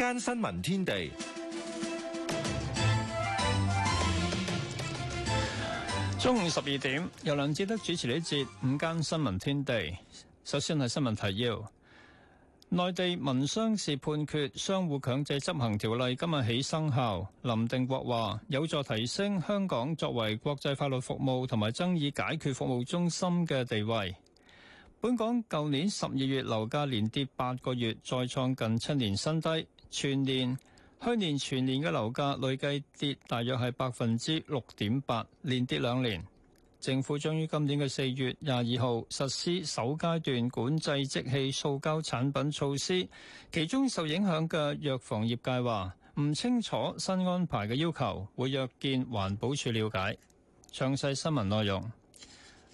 間新聞天地，中午十二點由梁志德主持呢節午間新聞天地。首先係新聞提要：內地民商事判決相互強制執行條例今日起生效。林定國話有助提升香港作為國際法律服務同埋爭議解決服務中心嘅地位。本港舊年十二月樓價連跌八個月，再創近七年新低。全年去年全年嘅樓價累計跌，大約係百分之六點八，連跌兩年。政府將於今年嘅四月廿二號實施首階段管制即棄塑膠產品措施，其中受影響嘅藥房業界話唔清楚新安排嘅要求，會約見環保署了解詳細新聞內容。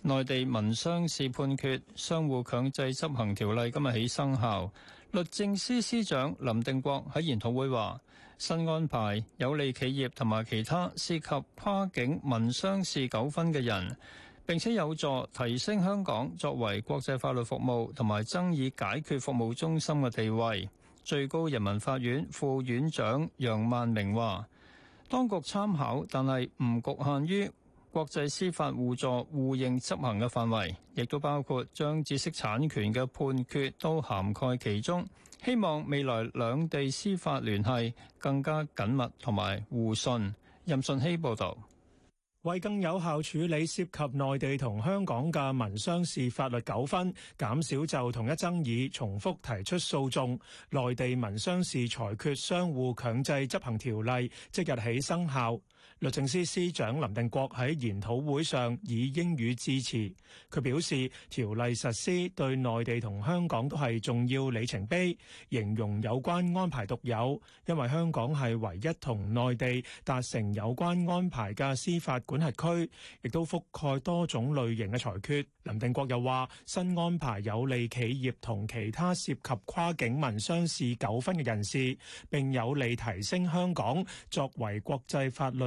內地民商事判決相互強制執行條例今日起生效。律政司司長林定國喺研討會話：新安排有利企業同埋其他涉及跨境民商事糾紛嘅人，並且有助提升香港作為國際法律服務同埋爭議解決服務中心嘅地位。最高人民法院副院長楊萬明話：當局參考，但係唔局限於。國際司法互助互認執行嘅範圍，亦都包括將知識產權嘅判決都涵蓋其中。希望未來兩地司法聯繫更加緊密同埋互信。任信希報導。為更有效處理涉及內地同香港嘅民商事法律糾紛，減少就同一爭議重複提出訴訟，內地民商事裁決相互強制執行條例即日起生效。律政司司長林定國喺研討會上以英語致辭。他表示，條例實施對內地同香港都係重要里程碑，形容有關安排獨有，因為香港係唯一同內地達成有關安排嘅司法管轄區，亦都覆蓋多種類型嘅裁決。林定國又話，新安排有利企業同其他涉及跨境民商事糾紛嘅人士，並有利提升香港作為國際法律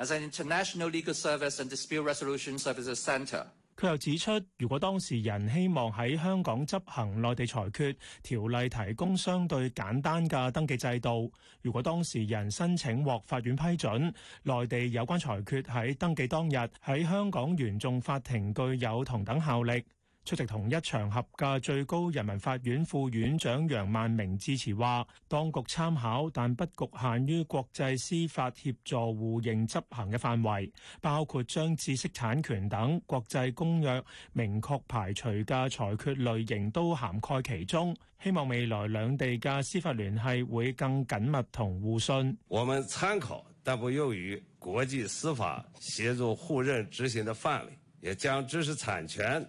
As an international legal service and dispute resolution services center，佢又指出，如果當事人希望喺香港執行內地裁決，條例提供相對簡單嘅登記制度。如果當事人申請獲法院批准，內地有關裁決喺登記當日，喺香港原訟法庭具有同等效力。出席同一場合嘅最高人民法院副院長楊萬明致辭話，當局參考，但不局限於國際司法協助互認執行嘅範圍，包括將知識產權等國際公約明確排除嘅裁決類型都涵蓋其中。希望未來兩地嘅司法聯繫會更緊密同互信。我們參考，但不囿於國際司法協助互認執行的範圍，也將知識產權。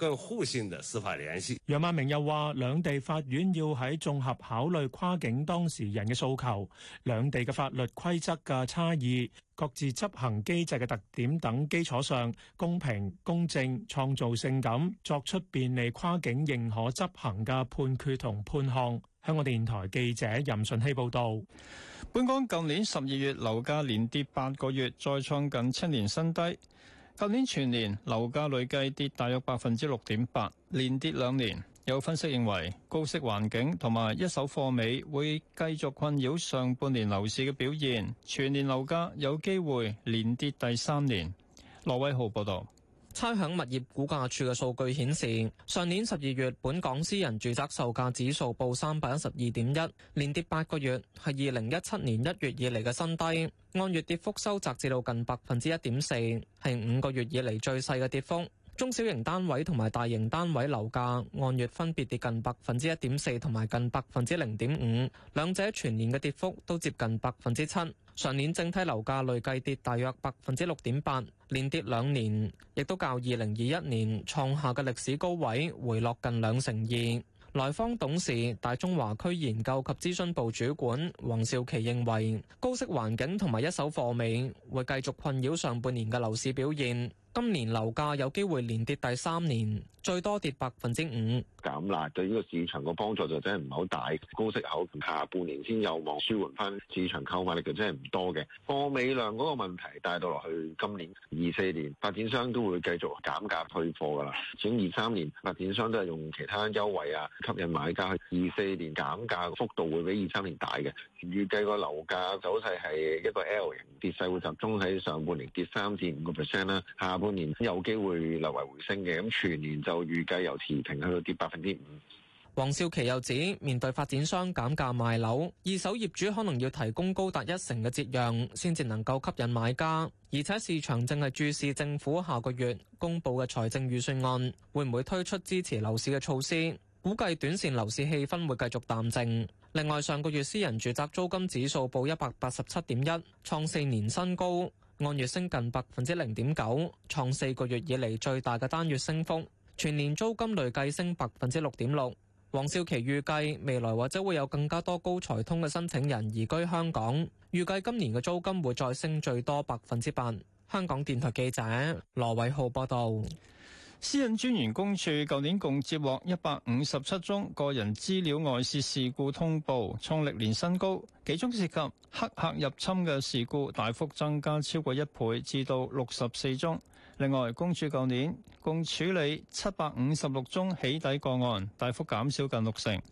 更互信的司法聯繫。楊萬明又話兩地法院要喺綜合考慮跨境當事人嘅訴求、兩地嘅法律規則嘅差異，各自執行機制嘅特點等基礎上，公平公正、創造性咁作出便利跨境認可執行嘅判決同判項，香港電台記者任順希報道。本港舊年十二月樓價連跌八個月，再創近七年新低。舊年全年樓價累計跌大約百分之六點八，連跌兩年。有分析認為高息環境同埋一手貨尾會繼續困擾上半年樓市嘅表現，全年樓價有機會連跌第三年。羅偉浩報導。差餉物業估價署嘅數據顯示，上年十二月本港私人住宅售價指數報三百一十二點一，連跌八個月，係二零一七年一月以嚟嘅新低，按月跌幅收窄至到近百分之一點四，係五個月以嚟最細嘅跌幅。中小型單位同埋大型單位樓價按月分別跌近百分之一點四同埋近百分之零點五，兩者全年嘅跌幅都接近百分之七。上年整體樓價累計跌大約百分之六點八，連跌兩年，亦都較二零二一年創下嘅歷史高位回落近兩成二。來方董事大中華區研究及諮詢部主管黃少琪認為，高息環境同埋一手貨尾會繼續困擾上半年嘅樓市表現。今年樓價有機會連跌第三年。最多跌百分之五，減辣對呢個市場個幫助就真係唔係好大。高息口下半年先有望舒緩翻，市場購買力就真係唔多嘅。貨尾量嗰個問題帶到落去，今年二四年發展商都會繼續減價退貨噶啦。整二三年發展商都係用其他優惠啊吸引買家，去二四年減價嘅幅度會比二三年大嘅。預計個樓價走勢係一個 L 型跌勢，會集中喺上半年跌三至五個 percent 啦。下半年有機會略為回升嘅，咁全年就預計由持平去到跌百分之五。黃少琪又指，面對發展商減價賣樓，二手業主可能要提供高達一成嘅折讓，先至能夠吸引買家。而且市場正係注視政府下個月公布嘅財政預算案，會唔會推出支持樓市嘅措施，估計短線樓市氣氛會繼續淡靜。另外，上個月私人住宅租金指數報一百八十七點一，創四年新高，按月升近百分之零點九，創四個月以嚟最大嘅單月升幅。全年租金累計升百分之六點六，黃少琪預計未來或者會有更加多高才通嘅申請人移居香港，預計今年嘅租金會再升最多百分之八。香港電台記者羅偉浩報道，私隱專員公署舊年共接獲一百五十七宗個人資料外泄事，事故通報創歷年新高，幾宗涉及黑客入侵嘅事故大幅增加，超過一倍至到六十四宗。另外，公署舊年共處理七百五十六宗起底個案，大幅減少近六成。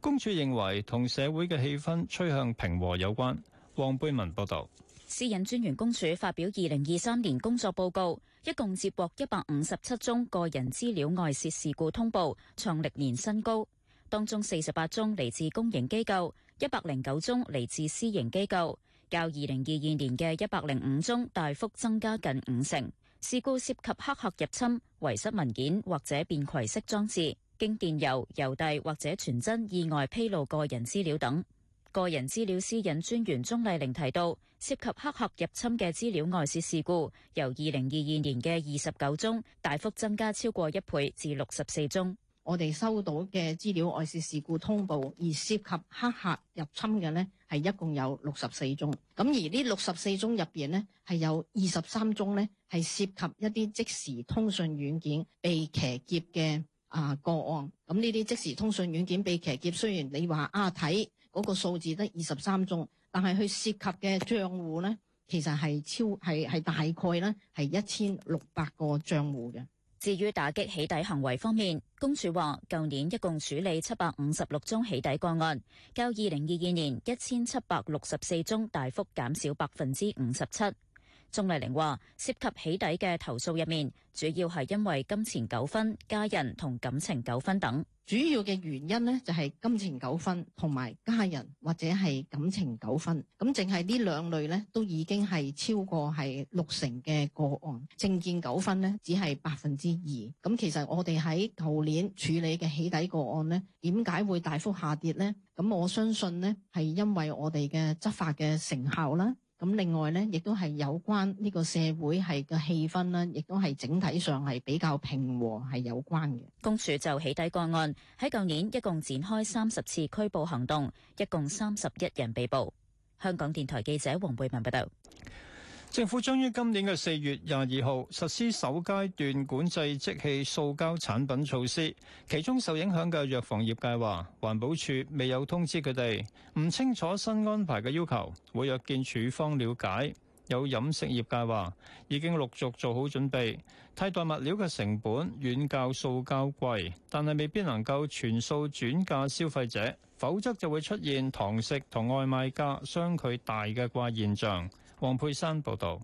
公署認為同社會嘅氣氛趨向平和有關。黃貝文報道，私隱專員公署發表二零二三年工作報告，一共接獲一百五十七宗個人資料外洩事故通報，創歷年新高。當中四十八宗嚟自公營機構，一百零九宗嚟自私營機構，較二零二二年嘅一百零五宗大幅增加近五成。事故涉及黑客入侵、遺失文件或者便攜式裝置、經電郵、郵遞或者傳真意外披露個人資料等。個人資料私隱專員鍾麗玲提到，涉及黑客入侵嘅資料外泄事故，由二零二二年嘅二十九宗大幅增加超過一倍至六十四宗。我哋收到嘅資料外洩事故通報，而涉及黑客入侵嘅呢，係一共有六十四宗。咁而呢六十四宗入邊呢，係有二十三宗呢，係涉及一啲即時通訊軟件被騎劫嘅啊、呃、個案。咁呢啲即時通訊軟件被騎劫，雖然你話啊睇嗰、那個數字得二十三宗，但係佢涉及嘅帳戶呢，其實係超係係大概呢，係一千六百個帳戶嘅。至於打擊起底行為方面，公署話，舊年一共處理七百五十六宗起底個案，較二零二二年一千七百六十四宗大幅減少百分之五十七。鍾麗玲話：涉及起底嘅投訴入面，主要係因為金錢糾紛、家人同感情糾紛等。主要嘅原因呢，就係金錢糾紛同埋家人或者係感情糾紛。咁淨係呢兩類呢，都已經係超過係六成嘅個案。政見糾紛呢，只係百分之二。咁其實我哋喺舊年處理嘅起底個案呢，點解會大幅下跌呢？咁我相信呢，係因為我哋嘅執法嘅成效啦。咁另外呢，亦都係有關呢個社會係嘅氣氛啦，亦都係整體上係比較平和係有關嘅。公署就起底個案，喺舊年一共展開三十次拘捕行動，一共三十一人被捕。香港電台記者黃貝文報道。政府將於今年嘅四月廿二號實施首階段管制即棄塑膠產品措施，其中受影響嘅藥房業界話環保署未有通知佢哋，唔清楚新安排嘅要求，會約見署方了解。有飲食業界話已經陸續做好準備，替代物料嘅成本遠較塑膠貴，但係未必能夠全數轉嫁消費者，否則就會出現堂食同外賣價相距大嘅怪現象。黃佩珊報道，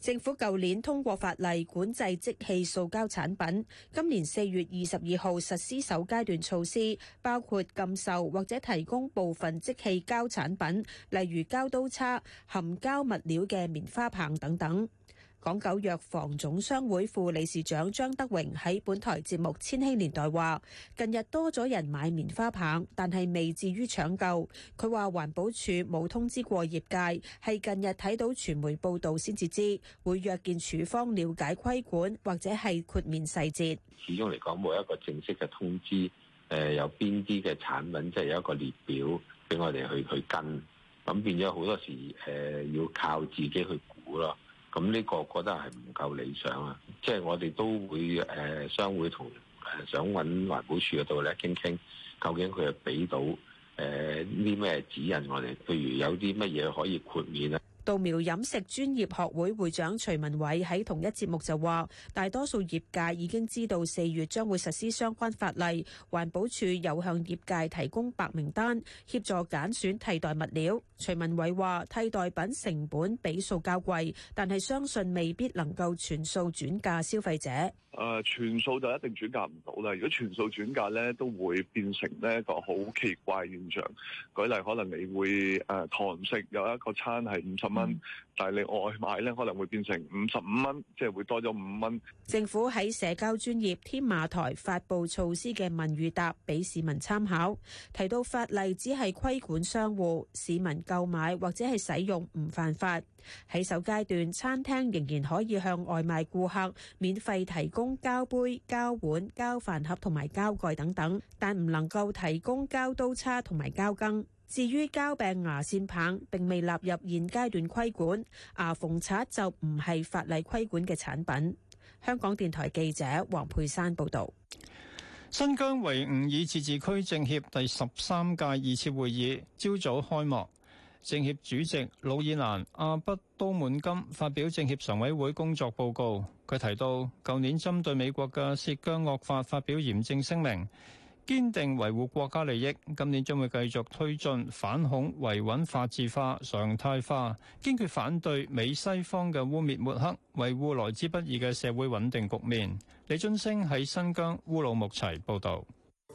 政府舊年通過法例管制即棄塑膠產品，今年四月二十二號實施首階段措施，包括禁售或者提供部分即棄膠產品，例如膠刀叉、含膠物料嘅棉花棒等等。港九藥房總商會副理事長張德榮喺本台節目《千禧年代》話：近日多咗人買棉花棒，但係未至於搶救。佢話環保署冇通知過業界，係近日睇到傳媒報道先至知，會約見署方了解規管或者係豁免細節。始終嚟講冇一個正式嘅通知，誒有邊啲嘅產品即係有一個列表俾我哋去去跟，咁變咗好多時誒、呃、要靠自己去估咯。咁呢個覺得係唔夠理想啊！即係我哋都會誒，商會同誒想揾環保署嗰度咧傾傾，究竟佢係俾到誒啲咩指引我哋？譬如有啲乜嘢可以豁免啊？稻苗飲食專業學會會長徐文偉喺同一節目就話：大多數業界已經知道四月將會實施相關法例，環保署有向業界提供白名單，協助揀選替代物料。徐文偉話：替代品成本比數較貴，但係相信未必能夠全數轉嫁消費者。誒，全數就一定轉嫁唔到啦。如果全數轉嫁咧，都會變成咧一個好奇怪現象。舉例，可能你會誒堂食有一個餐係五十蚊，但係你外賣咧，可能會變成五十五蚊，即係會多咗五蚊。政府喺社交專頁添馬台發布措施嘅問與答，俾市民參考。提到法例只係規管商戶，市民購買或者係使用唔犯法。喺首階段，餐廳仍然可以向外賣顧客免費提供膠杯、膠碗、膠飯盒同埋膠蓋等等，但唔能夠提供膠刀叉同埋膠羹。至於膠柄牙線棒並未納入現階段規管，牙縫刷就唔係法例規管嘅產品。香港電台記者黃佩珊報導。新疆維吾爾自治區政協第十三屆二次會議朝早開幕，政協主席努爾蘭阿不都滿金發表政協常委會工作報告。佢提到，舊年針對美國嘅涉疆惡法發表嚴正聲明。堅定維護國家利益，今年將會繼續推進反恐維穩法治化、常態化，堅決反對美西方嘅污衊抹黑，維護來之不易嘅社會穩定局面。李津升喺新疆烏魯木齊報道。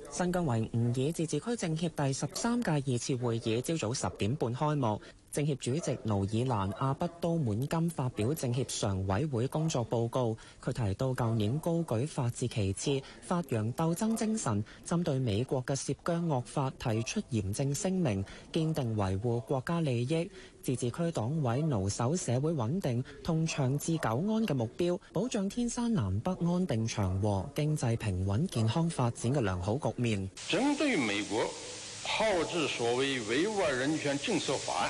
新疆維吾爾自治區政協第十三屆二次會議朝早十點半開幕。政協主席努爾蘭阿不都滿金發表政協常委會工作報告，佢提到舊年高舉法治旗幟，發揚鬥爭精神，針對美國嘅涉疆惡法提出嚴正聲明，堅定維護國家利益。自治區黨委努守社會穩定、同長治久安嘅目標，保障天山南北安定祥和、經濟平穩健康發展嘅良好局面。針對美國炮製所謂維吾爾人權政策法案，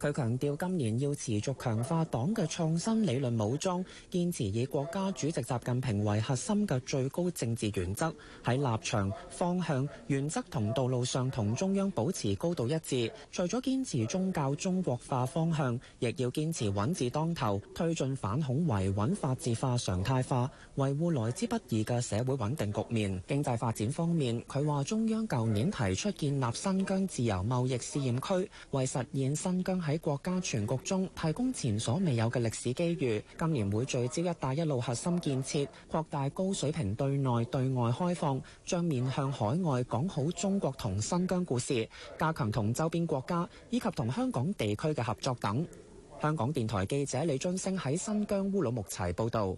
佢強調今年要持續強化黨嘅創新理論武裝，堅持以國家主席習近平為核心嘅最高政治原則，喺立場、方向、原則同道路上同中央保持高度一致。除咗堅持宗教中國化方向，亦要堅持穩字當頭，推進反恐維穩法治化常態化，維護來之不易嘅社會穩定局面。經濟發展方面，佢話中央舊年提出建立新疆自由貿易試驗區，為實現新疆喺國家全局中提供前所未有嘅歷史機遇，今年會聚焦「一帶一路」核心建設，擴大高水平對內對外開放，將面向海外講好中國同新疆故事，加強同周邊國家以及同香港地區嘅合作等。香港電台記者李津升喺新疆烏魯木齊報道。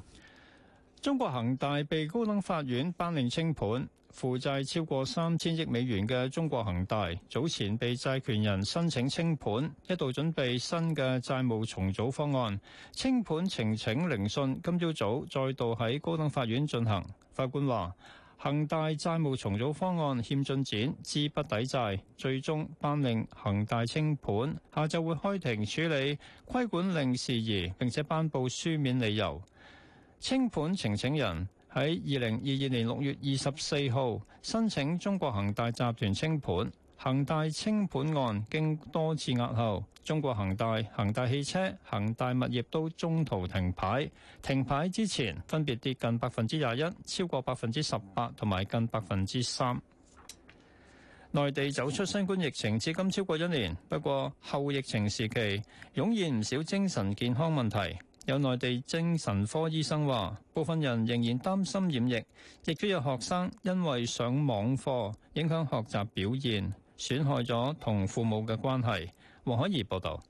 中國恒大被高等法院頒令清盤，負債超過三千億美元嘅中國恒大早前被債權人申請清盤，一度準備新嘅債務重組方案。清盤呈請聆訊今朝早再度喺高等法院進行，法官話恒大債務重組方案欠進展，資不抵債，最終頒令恒大清盤。下晝會開庭處理規，理規管令事宜，並且頒布書面理由。清盤呈請人喺二零二二年六月二十四號申請中國恒大集團清盤，恒大清盤案經多次押後，中國恒大、恒大汽車、恒大物業都中途停牌。停牌之前分別跌近百分之廿一、超過百分之十八同埋近百分之三。內地走出新冠疫情至今超過一年，不過後疫情時期湧現唔少精神健康問題。有內地精神科醫生話：部分人仍然擔心染疫，亦都有學生因為上網課影響學習表現，損害咗同父母嘅關係。黃海怡報導。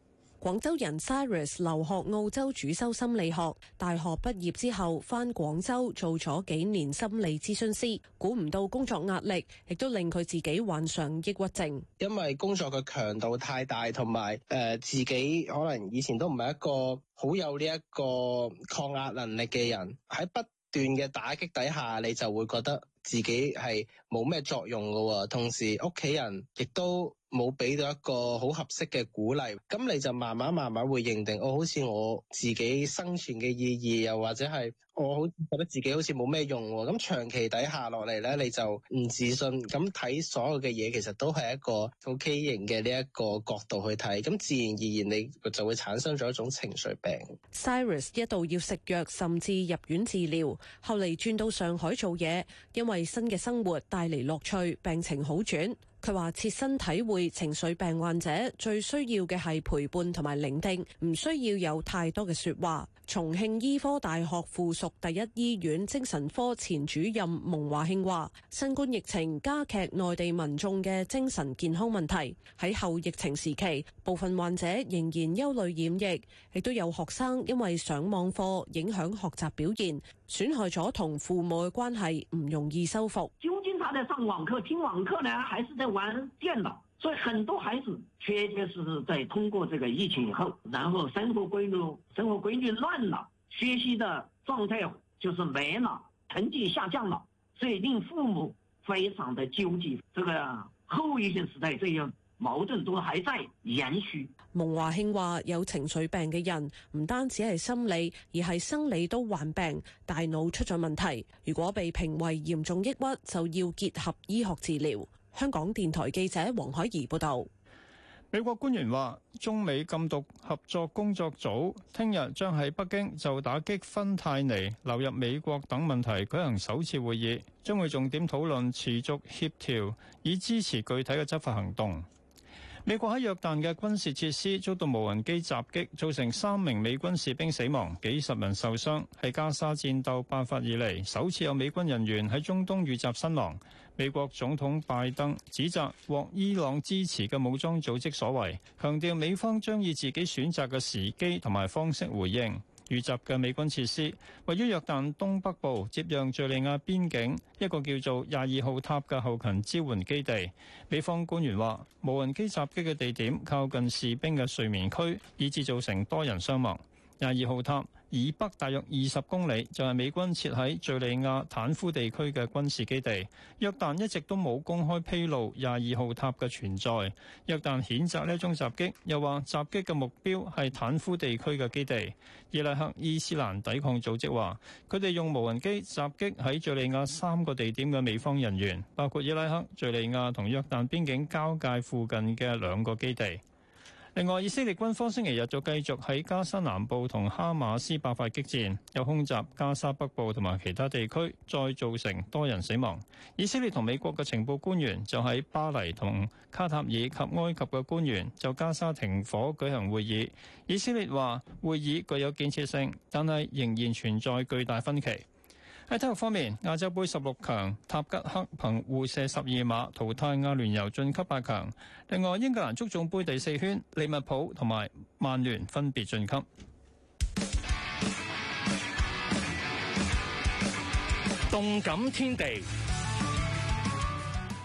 廣州人 Cyrus 留學澳洲主修心理學，大學畢業之後翻廣州做咗幾年心理諮詢師，估唔到工作壓力亦都令佢自己患上抑鬱症。因為工作嘅強度太大，同埋誒自己可能以前都唔係一個好有呢一個抗壓能力嘅人，喺不斷嘅打擊底下，你就會覺得自己係冇咩作用噶。同時屋企人亦都。冇俾到一個好合適嘅鼓勵，咁你就慢慢慢慢會認定，我好似我自己生存嘅意義，又或者係。我好覺得自己好似冇咩用，咁長期底下落嚟咧，你就唔自信，咁睇所有嘅嘢，其實都係一個好畸形嘅呢一個角度去睇，咁自然而然你就會產生咗一種情緒病。Cyrus 一度要食藥，甚至入院治療，後嚟轉到上海做嘢，因為新嘅生活帶嚟樂趣，病情好轉。佢話切身體會情緒病患者最需要嘅係陪伴同埋聆聽，唔需要有太多嘅說話。重慶醫科大學附。屬第一醫院精神科前主任蒙華慶話：新冠疫情加劇內地民眾嘅精神健康問題。喺後疫情時期，部分患者仍然憂慮染疫，亦都有學生因為上網課影響學習表現，損害咗同父母嘅關係，唔容易修復。究竟他們在上網課、聽網課呢，還是在玩電腦？所以很多孩子確確實實在通過這個疫情以後，然後生活規律、生活規律亂了，學習的。狀態就是沒了成績下降了，所以令父母非常的糾結。這個後疫情時代，這樣矛盾都還在延續。蒙華慶話：有情緒病嘅人唔單止係心理，而係生理都患病，大腦出咗問題。如果被評為嚴重抑鬱，就要結合醫學治療。香港電台記者黃海怡報道。美國官員話，中美禁毒合作工作組聽日將喺北京就打擊芬太尼流入美國等問題舉行首次會議，將會重點討論持續協調，以支持具體嘅執法行動。美國喺約旦嘅軍事設施遭到無人機襲擊，造成三名美軍士兵死亡，幾十人受傷，係加沙戰鬥爆發以嚟首次有美軍人員喺中東遇襲身亡。美國總統拜登指責獲伊朗支持嘅武裝組織所為，強調美方將以自己選擇嘅時機同埋方式回應。遇襲嘅美軍設施位於約旦東北部接壤敍利亞邊境，一個叫做廿二號塔嘅後勤支援基地。美方官員話，無人機襲擊嘅地點靠近士兵嘅睡眠區，以致造成多人傷亡。廿二號塔以北大約二十公里就係美軍設喺敘利亞坦夫地區嘅軍事基地。約旦一直都冇公開披露廿二號塔嘅存在。約旦譴責呢一種襲擊，又話襲擊嘅目標係坦夫地區嘅基地。伊拉克伊斯蘭抵抗組織話，佢哋用無人機襲擊喺敘利亞三個地點嘅美方人員，包括伊拉克、敘利亞同約旦邊境交界附近嘅兩個基地。另外，以色列軍方星期日就繼續喺加沙南部同哈馬斯爆發激戰，又空襲加沙北部同埋其他地區，再造成多人死亡。以色列同美國嘅情報官員就喺巴黎同卡塔爾及埃及嘅官員就加沙停火舉行會議。以色列話會議具有建設性，但係仍然存在巨大分歧。喺體育方面，亞洲杯十六強，塔吉克憑互射十二碼淘汰亞聯酋晉級八強。另外，英格蘭足總杯第四圈，利物浦同埋曼聯分別晉級。動感天地，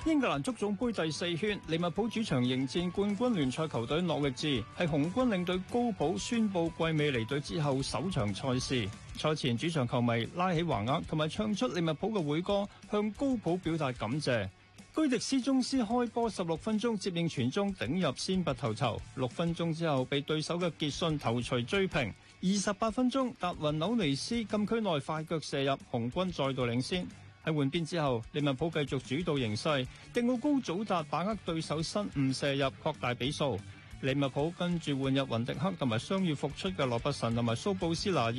英格蘭足總杯第四圈，利物浦主場迎戰冠軍聯賽球隊諾域治，係紅軍領隊高普宣布季尾離隊之後首場賽事。賽前主場球迷拉起橫額同埋唱出利物浦嘅會歌，向高普表達感謝。居迪斯宗斯開波十六分鐘接應傳中頂入先拔頭籌，六分鐘之後被對手嘅杰信頭槌追平。二十八分鐘達雲紐尼斯禁區內快腳射入，紅軍再度領先。喺換邊之後，利物浦繼續主導形勢，迪奧高祖達把握對手失誤射入擴大比數。利物浦跟住換入雲迪克同埋傷愈復出嘅羅伯臣同埋蘇布斯拿爾，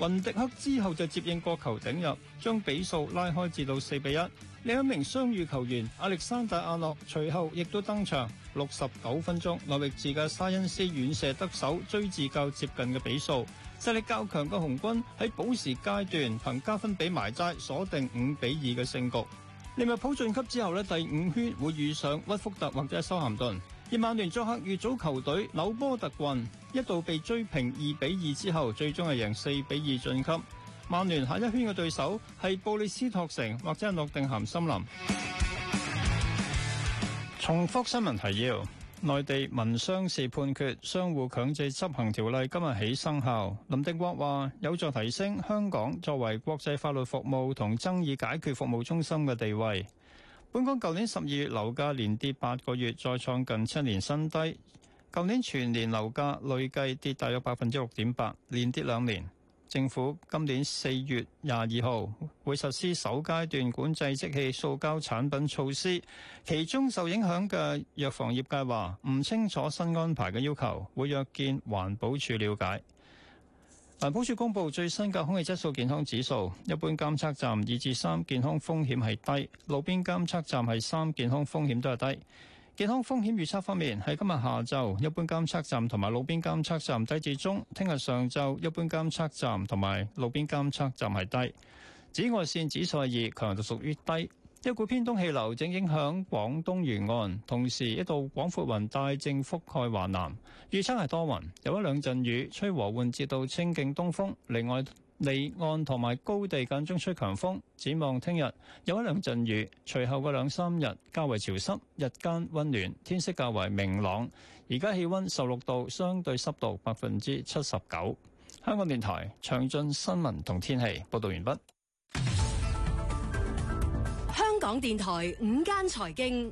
雲迪克之後就接應角球頂入，將比數拉開至到四比一。另一名傷愈球員亞歷山大阿諾隨後亦都登場，六十九分鐘諾域治嘅沙恩斯遠射得手，追至較接近嘅比數。勢力較強嘅紅軍喺補時階段憑加分比埋齋鎖定五比二嘅勝局。利物浦晉級之後呢，第五圈會遇上屈福特或者修咸頓。而曼聯作客乙組球隊紐波特郡，一度被追平二比二之後，最終係贏四比二晉級。曼聯下一圈嘅對手係布里斯托城或者係諾定咸森林。重複新聞提要：內地民商事判決相互強制執行條例今日起生效。林定國話有助提升香港作為國際法律服務同爭議解決服務中心嘅地位。本港舊年十二月樓價連跌八個月，再創近七年新低。舊年全年樓價累計跌大約百分之六點八，連跌兩年。政府今年四月廿二號會實施首階段管制即棄塑膠產品措施，其中受影響嘅藥房業界話唔清楚新安排嘅要求，會約見環保署了解。環保署公布最新嘅空氣質素健康指數，一般監測站二至三健康風險係低，路邊監測站係三健康風險都係低。健康風險預測方面，喺今日下晝一般監測站同埋路邊監測站低至中，聽日上晝一般監測站同埋路邊監測站係低。紫外線指數係二，強度屬於低。一股偏東氣流正影響廣東沿岸，同時一道廣闊雲帶正覆蓋華南，預測係多雲，有一兩陣雨，吹和緩至到清勁東風。另外，離岸同埋高地間中吹強風。展望聽日有一兩陣雨，隨後嘅兩三日較為潮濕，日間温暖，天色較為明朗。而家氣温十六度，相對濕度百分之七十九。香港電台詳盡新聞同天氣報導完畢。港電台午間財經。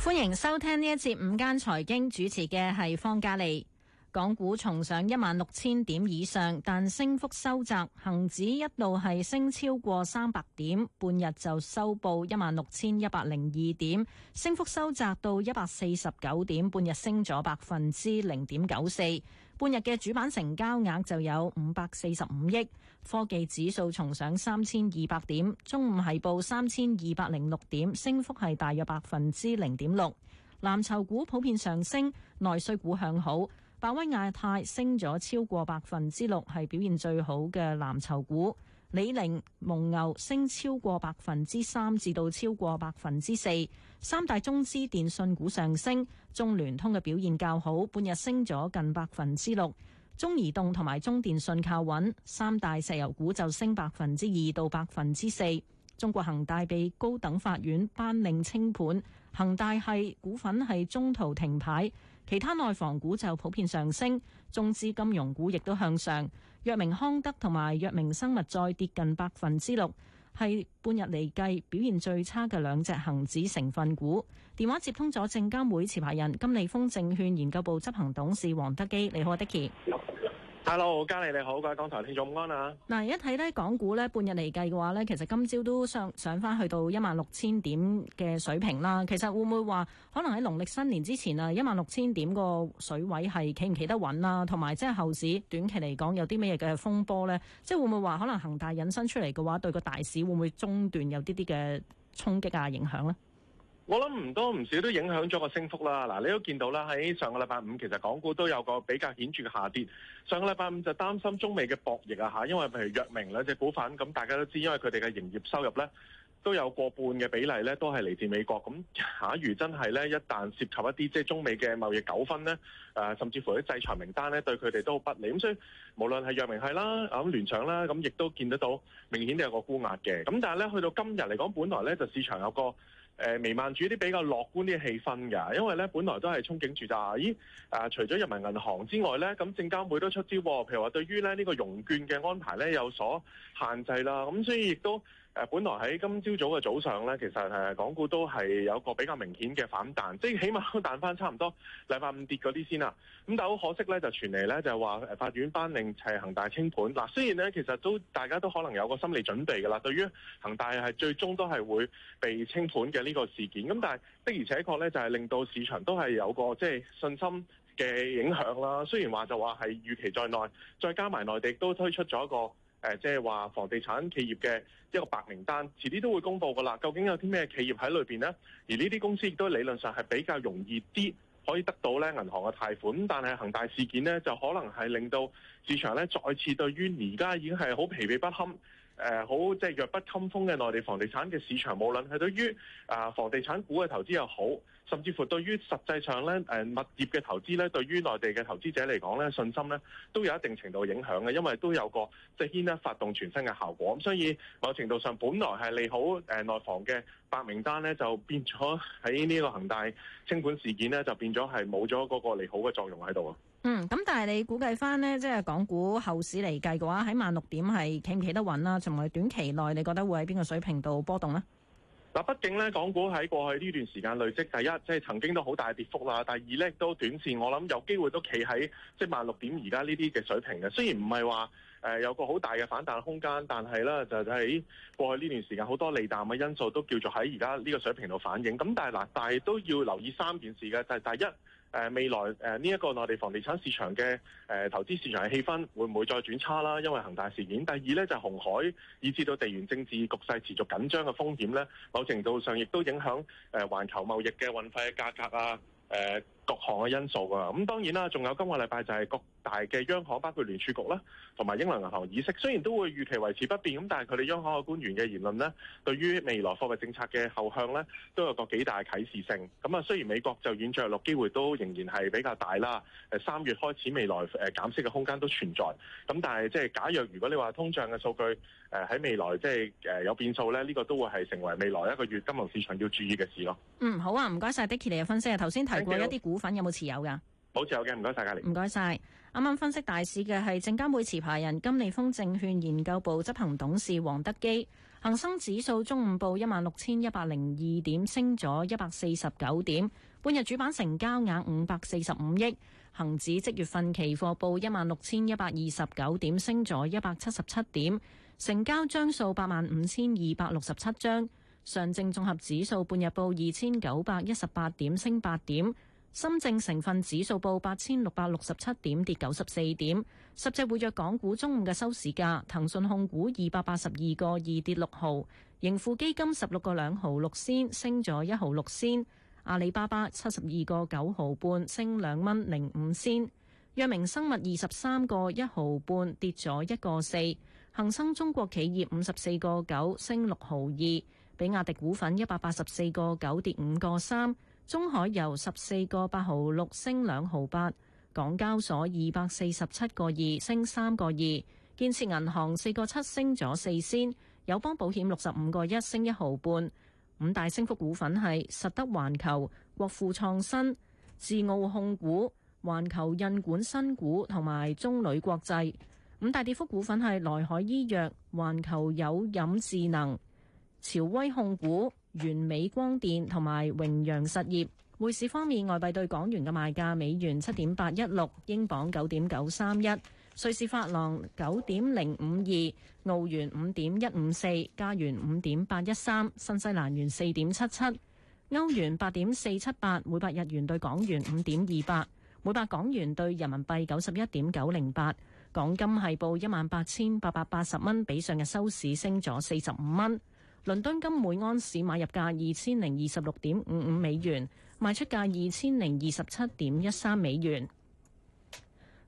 歡迎收聽呢一節午間財經，主持嘅係方嘉利。港股重上一萬六千點以上，但升幅收窄，恒指一度係升超過三百點，半日就收報一萬六千一百零二點，升幅收窄到一百四十九點，半日升咗百分之零點九四。半日嘅主板成交額就有五百四十五億。科技指數重上三千二百點，中午係報三千二百零六點，升幅係大約百分之零點六。藍籌股普遍上升，內需股向好。百威亞太升咗超過百分之六，係表現最好嘅藍籌股。李寧、蒙牛升超過百分之三至到超過百分之四。三大中資電信股上升，中聯通嘅表現較好，半日升咗近百分之六。中移動同埋中電信靠穩，三大石油股就升百分之二到百分之四。中國恒大被高等法院頒令清盤，恒大係股份係中途停牌。其他內房股就普遍上升，中資金融股亦都向上。藥明康德同埋藥明生物再跌近百分之六，係半日嚟計表現最差嘅兩隻恒指成分股。電話接通咗證監會持牌人金利豐證券研究部執行董事黃德基。你好，德基。hello，嘉麗你好，各位港台聽眾安啊，嗱，一睇咧，港股咧半日嚟計嘅話咧，其實今朝都上上翻去到一萬六千點嘅水平啦。其實會唔會話可能喺農曆新年之前啊，一萬六千點個水位係企唔企得穩啦？同埋即係後市短期嚟講有啲咩嘅風波咧？即係會唔會話可能恆大引申出嚟嘅話，對個大市會唔會中斷有啲啲嘅衝擊啊影響咧？我諗唔多唔少都影響咗個升幅啦。嗱，你都見到啦，喺上個禮拜五其實港股都有個比較顯著嘅下跌。上個禮拜五就擔心中美嘅博弈啊，嚇，因為譬如藥明兩隻股份咁，大家都知，因為佢哋嘅營業收入咧都有過半嘅比例咧都係嚟自美國。咁假如真係咧一旦涉及一啲即係中美嘅貿易糾紛咧，誒甚至乎啲制裁名單咧對佢哋都好不利。咁所以無論係藥明係啦，啊咁聯想啦，咁亦都見得到明顯都有個沽壓嘅。咁但係咧去到今日嚟講，本來咧就市場有個，誒、呃、微慢住啲比較樂觀啲氣氛㗎，因為咧本來都係憧憬住咋，咦？啊、除咗人民銀行之外咧，咁證監會都出招，譬如話對於咧呢、呢個融券嘅安排咧有所限制啦。咁所以亦都、呃、本來喺今朝早嘅早，早上咧，其實港股都係有個比較明顯嘅反彈，即、就、係、是、起碼都彈翻差唔多禮拜五跌嗰啲先啦。咁但好可惜咧，就傳嚟咧就係話誒法院頒令齊恒大清盤。嗱，雖然咧其實都大家都可能有個心理準備㗎啦，對於恒大係最終都係會被清盤嘅。呢、這個事件咁，但係的而且確咧，就係令到市場都係有個即係信心嘅影響啦。雖然話就話係預期在內，再加埋內地都推出咗一個誒即係話房地產企業嘅一個白名單遲啲都會公布噶啦。究竟有啲咩企業喺裏邊呢？而呢啲公司亦都理論上係比較容易啲可以得到咧銀行嘅貸款。但係恒大事件呢，就可能係令到市場咧再次對於而家已經係好疲憊不堪。誒、呃、好即係弱不禁風嘅內地房地產嘅市場，無論係對於啊、呃、房地產股嘅投資又好，甚至乎對於實際上咧誒物業嘅投資咧，對於內地嘅投資者嚟講咧，信心咧都有一定程度影響嘅，因為都有一個即係、就是、牽一發動全身嘅效果。咁所以某程度上，本來係利好誒、呃、內房嘅白名單咧，就變咗喺呢個恒大清盤事件咧，就變咗係冇咗嗰個利好嘅作用喺度。嗯，咁但係你估計翻咧，即係港股後市嚟計嘅話，喺萬六點係企唔企得穩啦？同埋短期內你覺得會喺邊個水平度波動呢？嗱，畢竟咧，港股喺過去呢段時間累積，第一即係、就是、曾經都好大跌幅啦。第二咧都短線，我諗有機會都企喺即係萬六點而家呢啲嘅水平嘅。雖然唔係話誒有個好大嘅反彈空間，但係咧就喺、是、過去呢段時間好多利淡嘅因素都叫做喺而家呢個水平度反映。咁但係嗱，但係都要留意三件事嘅，就係、是、第一。誒未來誒呢一個內地房地產市場嘅誒、呃、投資市場嘅氣氛會唔會再轉差啦？因為恒大事件。第二咧就係、是、紅海，以至到地緣政治局勢持續緊張嘅風險咧，某程度上亦都影響誒環球貿易嘅運費嘅價格啊，誒、呃。各項嘅因素啊，咁當然啦，仲有今個禮拜就係各大嘅央行，包括聯儲局啦，同埋英倫銀行議息，雖然都會預期維持不變，咁但係佢哋央行嘅官員嘅言論咧，對於未來貨幣政策嘅後向咧，都有個幾大啟示性。咁啊，雖然美國就軟着陸機會都仍然係比較大啦，誒三月開始未來誒減息嘅空間都存在，咁但係即係假若如果你話通脹嘅數據誒喺未來即係誒有變數咧，呢個都會係成為未來一個月金融市場要注意嘅事咯。嗯，好啊，唔該晒 Dicky 你嘅分析啊，頭先提過一。一啲股。股份有冇持有噶？保持有嘅，唔該晒，嘉玲。唔該晒。啱啱分析大市嘅係證監會持牌人金利豐證券研究部執行董事黃德基。恒生指數中午報一萬六千一百零二點，升咗一百四十九點。半日主板成交額五百四十五億。恒指即月份期貨報一萬六千一百二十九點，升咗一百七十七點。成交張數八萬五千二百六十七張。上證綜合指數半日報二千九百一十八點，升八點。深證成分指數報八千六百六十七點，跌九十四點。十隻活躍港股中午嘅收市價：騰訊控股二百八十二個二跌六毫，盈富基金十六個兩毫六仙升咗一毫六仙，阿里巴巴七十二個九毫半升兩蚊零五仙，藥明生物二十三個一毫半跌咗一個四，恒生中國企業五十四個九升六毫二，比亞迪股份一百八十四個九跌五個三。中海油十四個八毫六升兩毫八，港交所二百四十七個二升三個二，建設銀行四個七升咗四仙，友邦保險六十五個一升一毫半。五大升幅股份係實德環球、國富創新、智傲控股、環球印管新股同埋中旅國際。五大跌幅股份係內海醫藥、環球有飲智能、潮威控股。完美光電同埋榮陽實業。匯市方面，外幣對港元嘅賣價：美元七點八一六，英鎊九點九三一，瑞士法郎九點零五二，澳元五點一五四，加元五點八一三，新西蘭元四點七七，歐元八點四七八，每百日元對港元五點二八，每百港元對人民幣九十一點九零八。港金係報一萬八千八百八十蚊，比上日收市升咗四十五蚊。倫敦金每安士買入價二千零二十六點五五美元，賣出價二千零二十七點一三美元。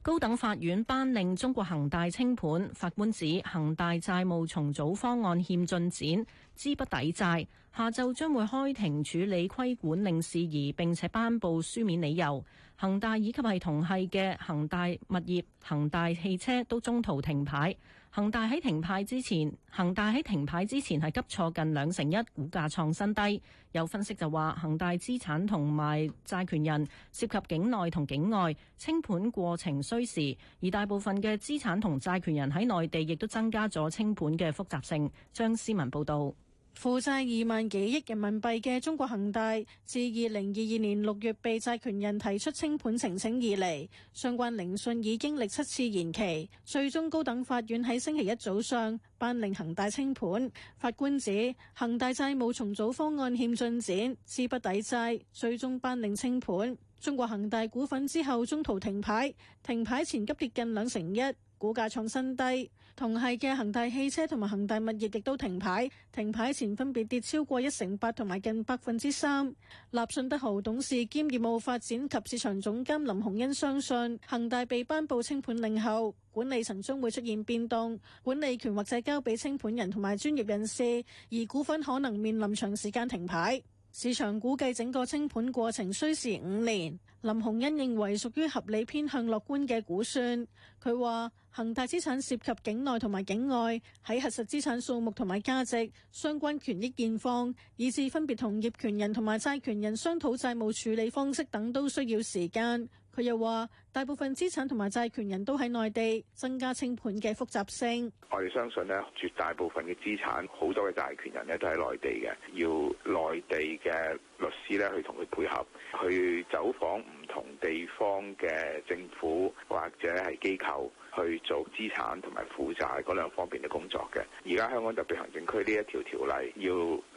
高等法院頒令中國恒大清盤，法官指恒大債務重組方案欠進展，資不抵債。下晝將會開庭處理規管令事宜，並且頒布書面理由。恒大以及係同系嘅恒大物業、恒大汽車都中途停牌。恒大喺停牌之前，恒大喺停牌之前係急挫近兩成一，股價創新低。有分析就話，恒大資產同埋債權人涉及境內同境外清盤過程需時，而大部分嘅資產同債權人喺內地亦都增加咗清盤嘅複雜性。張思文報道。負債二萬幾億人民幣嘅中國恒大，自二零二二年六月被債權人提出清盤呈請以嚟，相關聆訊已經歷七次延期，最終高等法院喺星期一早上頒令恒大清盤。法官指恒大債務重組方案欠進展，資不抵債，最終頒令清盤。中國恒大股份之後中途停牌，停牌前急跌近兩成一。股價創新低，同係嘅恒大汽車同埋恒大物業亦都停牌，停牌前分別跌超過一成八同埋近百分之三。立信德豪董事兼業務發展及市場總監林洪恩相信，恒大被頒布清盤令後，管理層將會出現變動，管理權或者交俾清盤人同埋專業人士，而股份可能面臨長時間停牌。市場估計整個清盤過程需時五年。林洪恩認為屬於合理偏向樂觀嘅估算。佢話恒大資產涉及境內同埋境外，喺核實資產數目同埋價值、相關權益現況，以至分別同業權人同埋債權人商討債務處理方式等，都需要時間。佢又話：大部分資產同埋債權人都喺內地，增加清盤嘅複雜性。我哋相信呢，絕大部分嘅資產好多嘅債權人呢都喺內地嘅，要內地嘅律師咧去同佢配合，去走訪唔同地方嘅政府或者係機構。去做資產同埋負債嗰兩方面嘅工作嘅，而家香港特別行政區呢一條條例要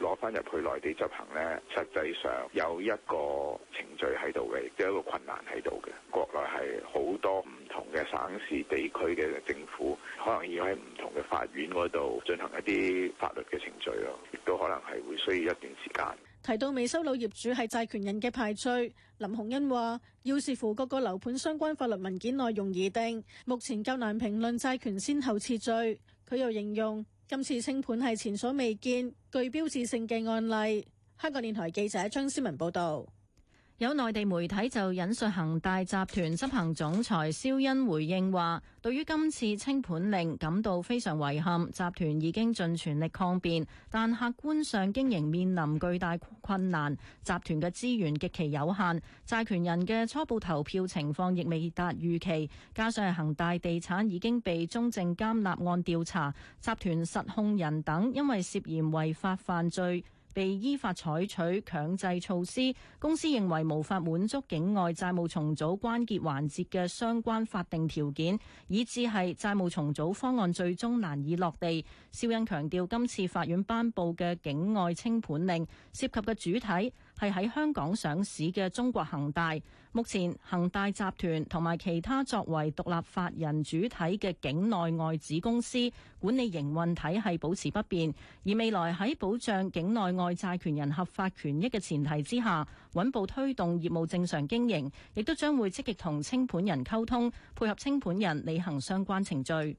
攞返入去內地執行呢，實際上有一個程序喺度嘅，亦都有一個困難喺度嘅。國內係好多唔同嘅省市地區嘅政府，可能要喺唔同嘅法院嗰度進行一啲法律嘅程序咯，亦都可能係會需要一段時間。提到未收樓業主係債權人嘅排序，林洪恩話要視乎各個樓盤相關法律文件內容而定，目前較難評論債權先後次序。佢又形容今次清盤係前所未見具標誌性嘅案例。香港電台記者張思文報道。有內地媒體就引述恒大集團執行總裁肖恩回應話，對於今次清盤令感到非常遺憾，集團已經盡全力抗辯，但客觀上經營面臨巨大困難，集團嘅資源極其有限，債權人嘅初步投票情況亦未達預期，加上恒大地產已經被中證監立案調查，集團實控人等因為涉嫌違法犯罪。被依法採取強制措施，公司認為無法滿足境外債務重組關鍵環節嘅相關法定條件，以致係債務重組方案最終難以落地。肖恩強調，今次法院頒布嘅境外清盤令涉及嘅主體，係喺香港上市嘅中國恒大。目前恒大集團同埋其他作為獨立法人主體嘅境內外子公司管理營運體系保持不變，而未來喺保障境內外債權人合法權益嘅前提之下，穩步推動業務正常經營，亦都將會積極同清盤人溝通，配合清盤人履行相關程序。